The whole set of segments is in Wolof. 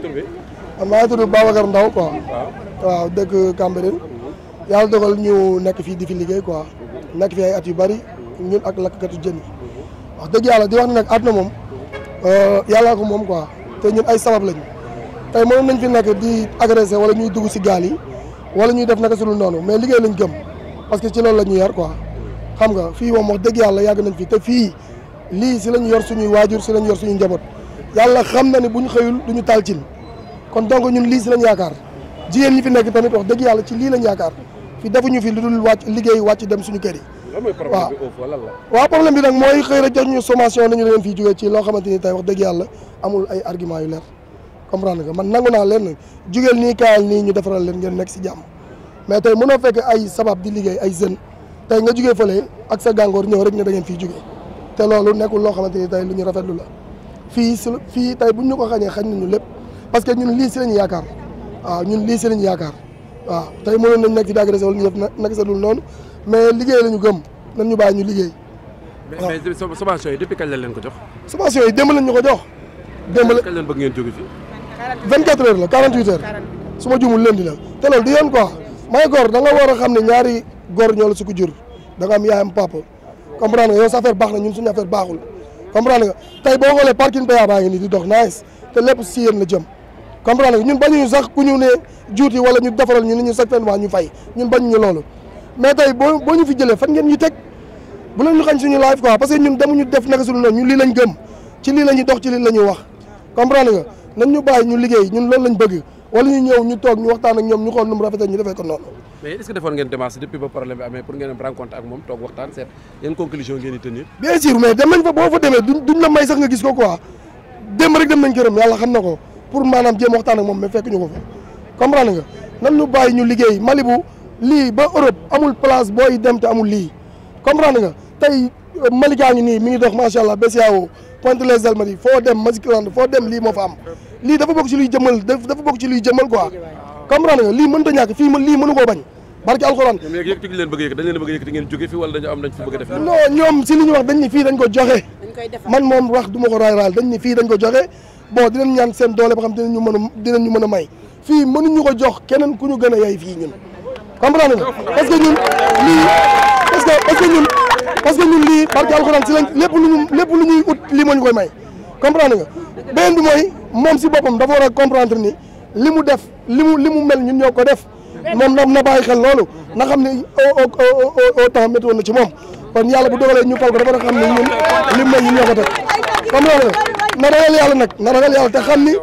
tur bi. maa ngi tudd Babacar Ndaw quoi. waaw dëkk Cambérène. yàlla dogal ñu nekk fii di fi liggéey quoi. nekk fi ay at yu bari. ñun ak lakkatu jën yi. wax dëgg yàlla di wax ne nag àdduna moom. Euh, yàllaa ko moom quoi. te ñun ay sabab lañu. te mënoon nañ fi nekk di agressé wala ñuy dugg si gaal yi. wala ñuy def naka su dul noonu mais liggéey lañ gëm. parce que ci loolu la ñu yar quoi. xam nga fii moom wax dëgg yàlla yàgg nañ fi te fii lii si lañu yor suñuy waajur si lañu yor suñuy njaboot. yàlla xam na ne bu ñu xëyul du ñu taal cin kon donc ñun lii si lañ yaakaar jigéen ñi fi nekk tamit wax dëgg yàlla ci lii lañ yaakaar fi ñu fi lu dul wàcc liggéey ci dem suñu kër yi. waaw waaw problème bi nag mooy xëy rek jox ñu sommation nañu leen fii jógee ci loo xamante ni tey wax dëgg yàlla amul ay argument yu leer comprendre nga man nangu naa leen jugeel nii kaayal nii ñu defaral leen ngeen nekk si jàmm mais tey mënoo fekk ay sabab di liggéey ay jeunes tey nga jugee fële ak sa gàngoor ñëw rek ne da ngeen fii jugee te loolu nekkul loo xamante ni tey lu ñu rafetlu la fi fi tay tey buñ ñu ko xagne xañ nañu lépp parce que ñun li ci lañu yaakar wa ñun li ci lañu yaakar wa tay mo nañ nekk ci agressé wala ñu nekk sa dul non mais liggéey lañu gëm nañ ñu bàyyi ñu liggéey. mais mais subvention depuis kañ lañ leen ko jox. subvention yi démb lañ ñuko jox. dem la kañ lañ bëgg ngeen jóge fi 24 heures la 48 heures suma ma leen di la té lol di yoon quoi may gor da nga wara xamni ñaari gor ñoo la su jur da nga am yaam papa comprendre nga yow sa affaire baax na ñun suñu affaire baxul comprendre nga tey boo xoolee parking ba baa nii di dox nice te lépp si yéen la jëm comprendre nga ñun bañuñu sax ku ñu ne juuti wala ñu defaral ñu ni ñu certainement ñu fay ñun bañuñu loolu mais tey boo boo ñu fi jëlee fan ñu teg bu leen ñu xañ suñu live quoi parce que ñun demuñu def naka suñu noonu ñu lii lañ gëm ci lii la ñuy dox ci lii la ñuy wax comprendre nga nañ ñu bàyyi ñu liggéey ñun loolu lañ bëgg wala ñu ñëw ñu toog ñu waxtaan ak ñoom ñu xool nu mu rafetee ñu defee ko noonu. mais est-ce que defoon ngeen démarche depuis ba problème bi amee pour ngeen am rencontre ak moom toog waxtaan seet yan conclusion ngeen di tenir. bien sûr mais dem fa boo fa demee duñ duñ la may sax nga gis ko quoi démb rek dem nañ këram yàlla xam na ko pour maanaam jéem waxtaan moom mais fekk ñu ko fa comprendre nga nan ñu bàyyi ñu liggéey Malibu lii ba Europe amul place booy dem te amul lii comprendre nga tey euh, Malika ñu nii mi ngi dox macha allah BCEAO Pointe les Almadies foo dem Mazikiland foo dem lii moo fa lii dafa bokk luy jëmal dafa bokk luy jëmal quoi comprendre nga lii mënta ñàkk fii lii mënu bañ barke alxuraan yëkkati a def non ñoom si li ñu wax dañ ni fii dañ ko joxe man moom wax du ko raay raal dañ ni fii dañ ko joxe bon dinañ ñaan seen doole ba xam dinañu mën a may fii mënuñu ko jox keneen ku ñu gën fii ñun comprendre nga parce ñun lii parce que ñun parce que ñun lii barke alxuraan si lañ lépp lu ñu ut lii moo ko koy may comprendre nga beneen mooy moom si boppam dafa war a comprendre ni li mu def li mu li mu mel ñun ñoo ko def moom na na bàyyi xel loolu na xam ne au temps métti na ci moom kon yàlla bu dogalee ñu fal ko dafa xam ne ñun li ñoo ko def comprendre na ragal yàlla nag na ragal yàlla te xam ni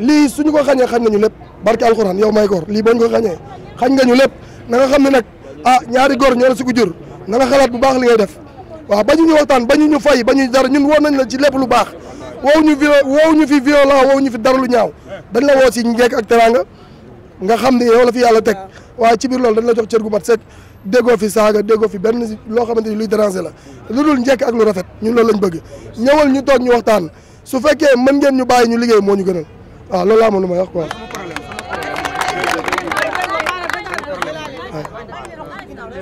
lii suñu ko xañee xañ na ñu lépp barke alxuraan yow may góor lii boo ñu ko xañee xañ nga ñu lépp na xam ne nag ah ñaari góor ñoo la si ko jur na nga xalaat bu baax li ngay def waaw ba ñu ñu waxtaan ba ñu ñu fay ba ñu dara ñun woo nañ la ci lépp lu baax woow ñu fi woow ñu fi violent ñu fi dara lu ñaaw dañ la woo si njekk ak teraanga nga xam ne yow la fi yàlla teg waaye ci biir loolu dañ la jox cër gu mat sëkk déggoo fi saaga déggoo fi benn loo xamante ni luy déranger la lu dul njekk ak lu rafet ñun loolu lañ bëgg ñëwal ñu toog ñu waxtaan su fekkee mën ngeen ñu bàyyi ñu liggéey moo ñu gënal waaw loolu laa amoon lu may wax quoi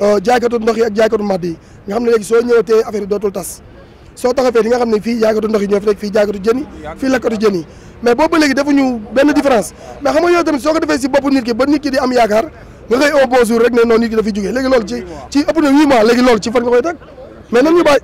Euh, jaaykatu ndox yi ak jaaykatu madd yi nga xam ne léegi soo ñëwatee affaire yi dootul tas soo taxawee di nga xam ne fii jaaykatu ndox yi ñoo fi nekk fii jaaykatu jën yi fii lakkatu jën yi mais boobu ba léegi defuñu benn différence mais xam nga yow tamit soo ko defee si bopp nit ki ba nit ki am yaakaar nga xëy au beau jour rek ne noonu nit ki dafa jógee léegi loolu ci ci ëpp huit mois léegi loolu ci fan nga koy teg mais nan ñu bàyyi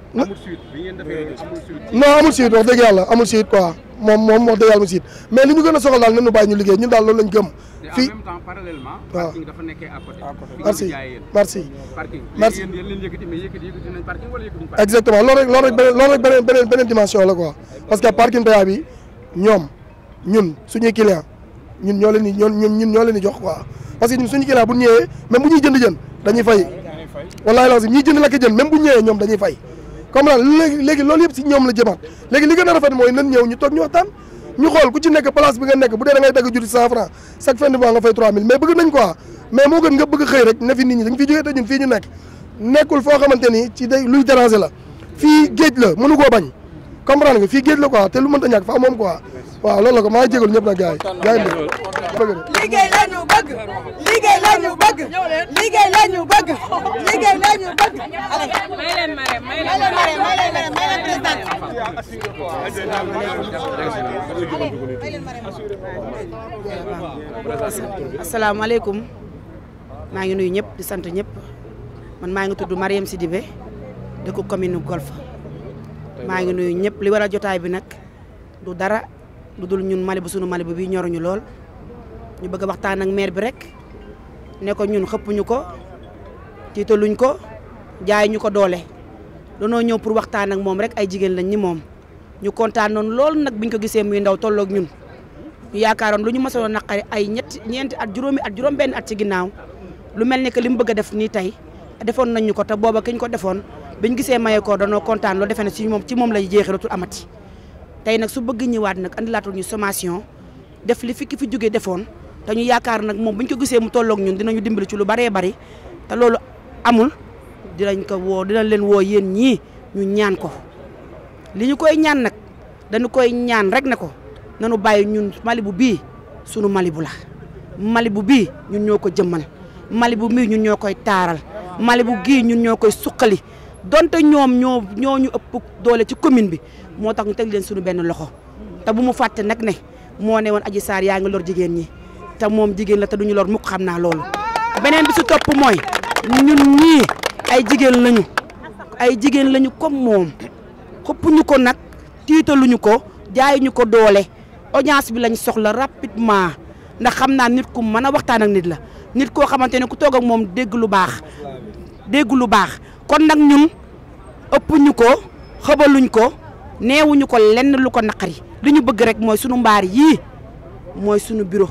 non amul suite wax dëgg yàlla amul suite quoi moom moom wax dëgg yàlla si mais li ñu gën a soxal daal nañu bàyyi ñu liggéey ñun daal loolu lañ gëm. fii en même temps parallèlement. waaw parking dafa nekkee à côté. merci merci. parking merci yéen yéen yëkkati mais yëkkati yëkkati nañ parking wala yëkkati parking. exactement loolu rek loolu rek beneen loolu rek beneen beneen beneen dimension la quoi parce que parking péage bi ñoom ñun suñuy client ñun ñoo leen di ñoo ñun ñoo leen di jox quoi parce que ñun suñu client bu ñëwee même bu ñuy jënd jën dañuy fay. wallaahi lazim ñiy jënd lakk jën même bu ñëwee ñoom dañuy fay comme daal léegi léegi loolu yëpp si ñoom la jëmaat léegi li gën a rafet mooy nan ñëw ñu toog ñu waxtaan ñu xool ku ci place bu dee da ngay dagg juri cent franc chaque fin de mois nga fay 3000 mais bëgg nañ quoi mais moo gën nga bëgg xëy rek ne fi nit fi jógee te ñun foo xamante ni ci day luy déranger la fii géej la mënu koo bañ comprendre nga fii géej la quoi te lu mënta ñàkk faa moom quoi waaw loolu la ko maa ngi jégalu ñëpp nag gars yi gars yi liggéey la ñu bëgg liggéey la ñu bëgg liggéey la ñu bëgg liggéey la ñu bëgg allez may leen mare may leen mare may leen mare may leen présidente asalaamaaleykum maa ngi nuyu ñëpp di sant ñëpp man maa ngi tudd Mariam Sidibé dëkk commune Golf maa ngi nuyu ñëpp li war a jotaay bi nag du dara lu dul ñun Malibu sunu Malibu bii ñoruñu lool ñu bëgg waxtaan ak maire bi rek ne ñun xëppuñu ko tiitaluñ ko jaay ñu ko doole danoo ñëw pour waxtaan ak moom rek ay jigéen lañ ni moom ñu kontaan noonu loolu nag biñ ko gisee muy ndaw tolloog ñun ñu yaakaaroon lu ñu mësoon naqari ay ñetti ñeenti at juróomi at juróom benn at ci ginnaaw lu mel ni que li mu bëgg def nii tey defoon nañ ñu ko te booba kiñ ko defoon biñ gisee maye koor danoo kontaan loolu defee ne si moom ci moom lay jeexee dootul amati tey nag su bëgg ñëwaat nag andilaatul ñu sommation def li fi fi jógee defoon te ñu yaakaar nag moom buñ ko gisee mu tolloog ñun dinañu dimbali ci lu baree bari te loolu amul dinañ ko woo dinañ leen woo yéen ñii ñu ñaan ko li ñu koy ñaan nag danu koy ñaan rek ne ko nanu bàyyi ñun mali bu bii sunu mali bu la Malibu bii ñun ñoo ko jëmmal Malibu bii ñun ñoo koy taaral Malibu gii ñun ñoo koy suqali donte ñoom ñoo ñoo ñu ëpp doole ci commune bi moo tax ñu teg leen suñu benn loxo te bu mu fàtte nag ne moo ne woon Adji saar yaa ngi lor jigéen ñi te moom jigéen la te duñu lor mukk xam naa loolu. beneen bi si topp mooy ñun ñii ay jigéen lañu ay jigéen lañu comme moom xëppuñu ko nag tiitaluñu ko ñu ko doole audience bi lañ soxla rapidement ndax xam naa nit ku mën a waxtaan ak nit la nit koo xamante ne ku toog ak moom dégg lu baax dégg lu baax. kon nag ñun ëpp ñu ko xëbaluñ ko neewuñu ko lenn lu ko naqari li ñu bëgg rek mooy sunu mbaar yii mooy sunu bureau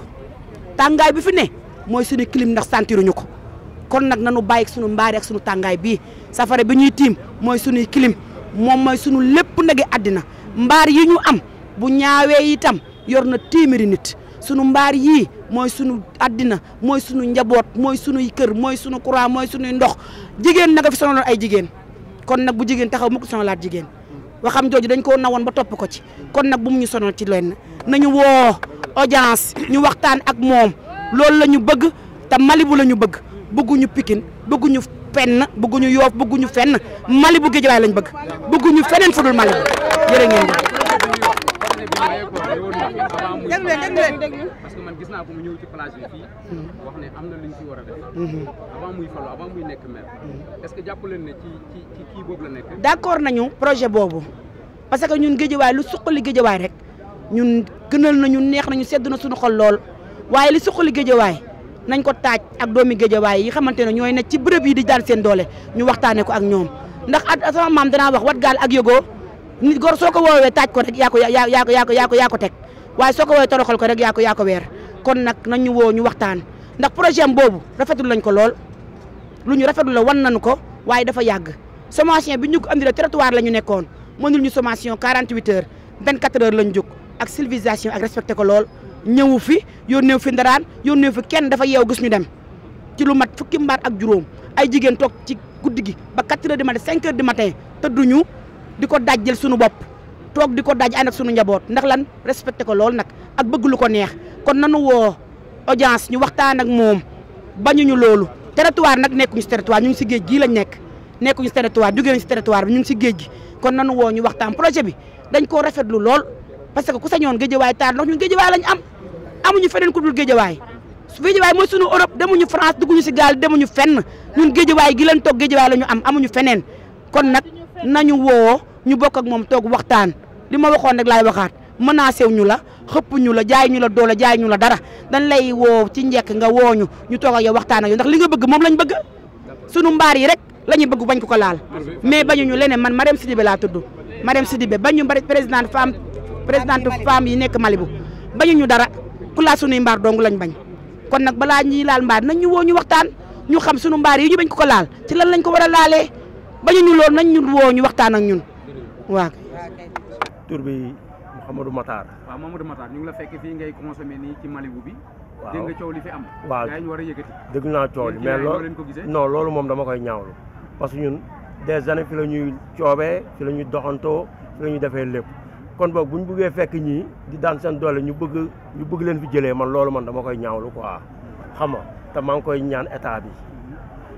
tàngaay bi fi ne mooy sunu kilim ndax santiruñu ko kon nag nanu bàyyi sunu mbaari ak sunu tàngaay bii safara bi ñuy tiim mooy sunuy kilim moom mooy sunu lépp nagi àddina mbaar yi ñu am bu ñaawee itam yor na téeméeri nit sunu mbaar yii mooy sunu àddina mooy sunu njaboot mooy sunuy kër mooy sunu courant mooy sunuy ndox jigéen nag fi sonaloon ay jigéen kon nag bu jigéen taxaw mukk sonalaat jigéen waxam jooju dañ koo nawoon ba topp ko ci kon nag bu mu ñu sonal ci lenn nañu woo audience ñu waxtaan ak moom loolu la ñu bëgg te Malibu la ñu bëgg bëgguñu Pikine bëgguñu fenn bëgguñu Yoof bëgguñu fenn Malibu Guédiawaye lañ bëgg bëgguñu feneen fudul Malibu jërë déglu leen déglu leen parce man gis naa ko mu ñëw ci am na mhm. lu mhm. que jàpp leen ne ci ci d'accord nañu projet boobu parce que ñun géejawaay lu suqali géejawaay rek ñun gënal nañu neex nañu sedd na suñu xol lool waaye li suqali géejawaay nañ ko taaj ak doomi géejawaay yi xamante ne ñooy ne ci bërëb yi di daan seen doole ñu waxtaanee ko ak ñoom ndax at sama maam danaa wax wat gaal ak yogoo nit gor soo ko woowee ko rek yaa ko yaa yaa ko yaa ko yaa ko yaa ko teg waaye soo ko woowee toroxal ko rek ko yaa ko kon nak nañu woo ñu waxtaan ndax projet am boobu rafetul lañ ko lool lu ñu rafetul la wan nañu ko waaye dafa yàgg sommation bi ñu andi la trottoir la ñu mënul ñu sommation 48 heures 24 heures lañ ak civilisation ak respecté ko lool ñëwu fi yónneew fi ndaraan yónneew fi kenn dafa yeew gis ñu dem ci lu mat fukki mbaar ak juróom ay jigen tok ci guddi ba 4 heures du matin 5 heures du matin diko ko dajjal suñu bop tok diko daj ànd ak suñu njabot ndax lan respecté ko lol nak ak bëgg lu ko neex kon nañu wo audience ñu waxtaan ak bañu ñu lolou territoire nak nekkuñu ci territoire ñu ci geej gi lañ nekk nekkuñu ci territoire ci territoire bi ñu ci geej gi kon nañu wo ñu waxtaan projet bi dañ koo rafetlu lol parce que ku sañoon géejawaay taar ndox ñun géejawaay lañ am amuñu fenen ku dul géejawaay géejawaay sunu Europe demuñu France dugguñu ci gal demuñu fenn ñun géejawaay gi lañ tok géejawaay lañu am amuñu fenen. kon nak nañu wo ñu bokk ak moom toog waxtaan li ma waxoon rek laay waxaat menacé wu ñu la xëpp ñu la jaay ñu la doole jaay ñu la dara dañ lay woo ci njekk nga woo ñu ñu toog ak yow waxtaan ak yow ndax li nga bëgg lañ bëgg mbaar yi rek la ñu bëgg bañ ko ko laal mais bañu ñu leneen man Marème Sidibé laa tudd Marème Sidibé bañu présidente femme présidente femme yi nekk Malibu bañu ñu dara ku laa sunuy mbaar dong lañ bañ kon nag balaa ñuy laal mbaar nañ ñu woo ñu waxtaan ñu xam sunu mbaar yi ñu bañ ko ko laal ci lan lañ ko a bañu ñu lool nañ ñu waxtaan ak ñun waaw. tur bi Mouhamadou Matar. waaw Mouhamadou Matar ñu ngi la fekk fii ngay consommé nii ci Malibu bi. waaw li fi am. waaw gars war a yëkkati. dégg naa coow li mais loolu non loolu moom dama koy ñaawlu parce que ñun des années fi la ñuy coobee fi la ñuy doxantoo fi la ñuy defee lépp kon boog bu ñu bëggee fekk ñi di daan seen doole ñu bëgg ñu bëgg leen fi jëlee man loolu man dama koy ñaawlu quoi xam nga te maa ngi koy ñaan état bi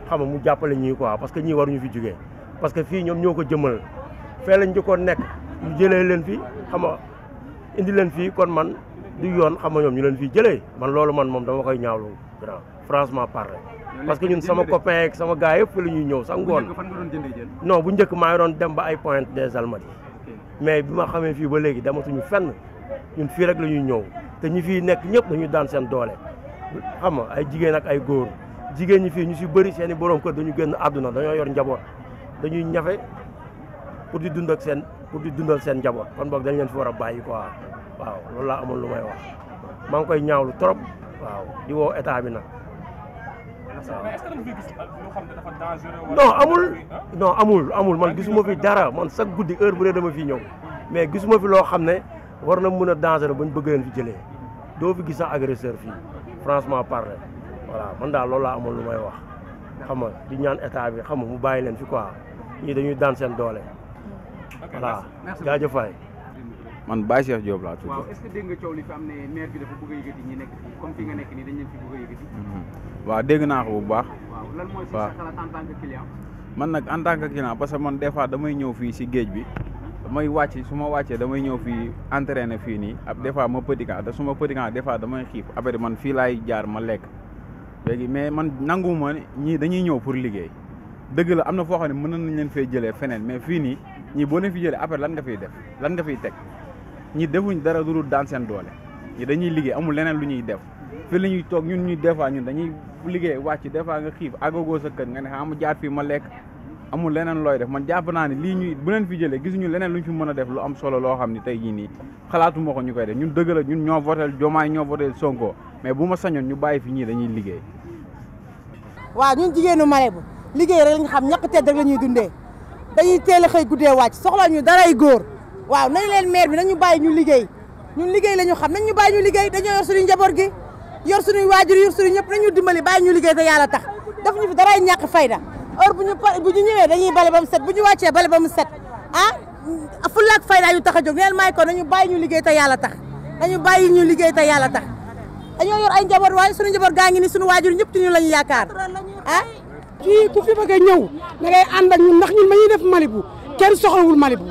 xam nga mu jàppale ñii quoi parce que ñii waruñu fi jugee parce que fii ñoom ñoo ko jëmal fee lañ njëkkoon nekk ñu jëlee leen fi xam nga indi leen fii kon man di yoon xam nga ñoom ñu leen fi jëlee man loolu man moom dama koy ñaawlu grand franchement parler parce que ñun sama copain ak sama gars yëpp fa ñuy ñëw sax ngoon non bu njëkk maa ngi doon dem ba ay Pointe des Almadies mais bi ma xamee fii ba léegi dematuñu fenn ñun fii rek la ñuy ñëw te ñi fii nekk ñëpp dañuy daan seen doole xam nga ay jigéen ak ay góor jigéen ñi fii ñu si bëri seen borom kër dañu génn àdduna dañoo yor njaboot dañuy ñafe pour di dund ak seen pour di dundal seen njaboot kon boog dañ leen fi war a bàyyi quoi waaw loolu laa amoon lu may wax maa ngi koy ñaawlu trop waaw di woo bi nag. non amul non amul amul man gisuma fi dara man chaque guddi heure bu ne dama fi ñëw mais gisuma fi loo xam ne war na mën a danger bañ bëgg leen fi jëlee doo fi gis sax agresseur fii franchement parler voilà man daal loolu laa amoon lu may wax xam nga di ñaan état bi xam nga mu bàyyi leen fi quoi ñii dañuy daan seen doole. voilà jaajëf waay. man Baye Cheikh Diop laa tudd. waaw dégg nga a yëkkati ñi nekk mhm. dégg naa ko bu baax. lan mooy en tant man nag en tant que client parce que man des fois damay ñëw fii si géej bi damay wàcc su ma wàccee damay ñëw fii entraîner fii nii ab des fois ma petit camp te su des fois damay xiif après man fii laay jaar ma lekk léegi mais man nanguwuma ñii dañuy ñëw pour liggéey dëgg la am na foo xam ne mën nañ leen fee jëlee feneen mais fii nii ñi boo leen fi jëlee lan nga fiy def lan nga fiy teg ñi defuñ dara du dul daan seen doole ñi dañuy liggéey amul leneen lu ñuy def fii la toog ñun ñuy des fois ñun dañuy liggéey wàcc des fois nga xiif agogoo sa kër nga ne xam ma jaar leneen looy def man jàpp naa ne lii ñuy bu leen fi jëlee gisuñu leneen lu ñu fi mën a def lu am solo loo xam ni tey jii nii xalaatu ma ko ñu koy def ñun dëgg la ñun ñoo votel Jomaay ñoo votel Sonko mais bu ma sañoon ñu bàyyi fi ñii dañuy liggéey waaw ñun jigéenu Malibu liggéey rek lañ xam ñàkk tedd rek la ñuy dundee dañuy teel a xëy guddee wàcc soxla ñu daray góor waaw na nañ leen maire bi ñu bàyyi ñu liggéey ñun liggéey la ñu xam nañ ñu baay ñu liggéey dañoo yor suñu njaboot gi yor suñuy waajur ñëpp nañu dimbali bàyyi ñu liggéey te yàlla tax daf ñu fi daray ñàkk fayda heure bu ñu bu ñu ñëwee dañuy bale ba mu set bu ñu wàccee bale ba mu set ah fulaak fayda yu tax a jóg neen may ko ñu bàyyi ñu liggéey te yàlla tax nañu bàyyi ñu liggéey te yàlla tax dañoo yor ay njaboot waaye suñu njaboot gaa ngi ni suñu waajur ñëpp ci ñu lañu yaakaar ah fii ku fi bëgg ñëw da ngay ànd ak ñun ndax ñun ba ñuy def Malibu kenn soxlawul Malibu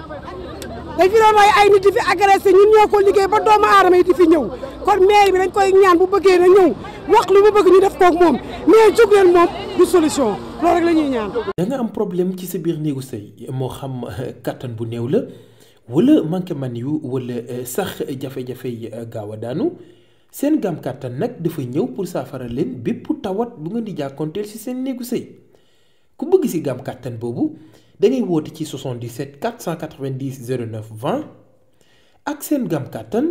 dañ fi doon rey ay nit di fi agressé ñun ñoo ko liggéey ba doomu aadama yi di fi ñëw kon maire bi dañ koy ñaan bu bëggee na ñëw wax lu mu bëgg ñu def koog moom mais jóg leen moom du solution loolu rek la ñaan. da am problème ci sa biir néegu sëy moo xam euh, kattan bu néew la wala manqué man yu wala euh, sax jafe-jafe yi euh, gaaw a daanu. seen gam kàttan nag dafa ñëw pour saafara leen bépp tawat bu ngeen di jàkkoonteel ci seen néegu sëy ku bëgg ci gam kàttan boobu da ngay woote ci 77 490 09 20 ak seen gam kàttan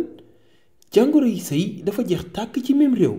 jàngoro yi sëy dafa jeex tàkk ci même réew.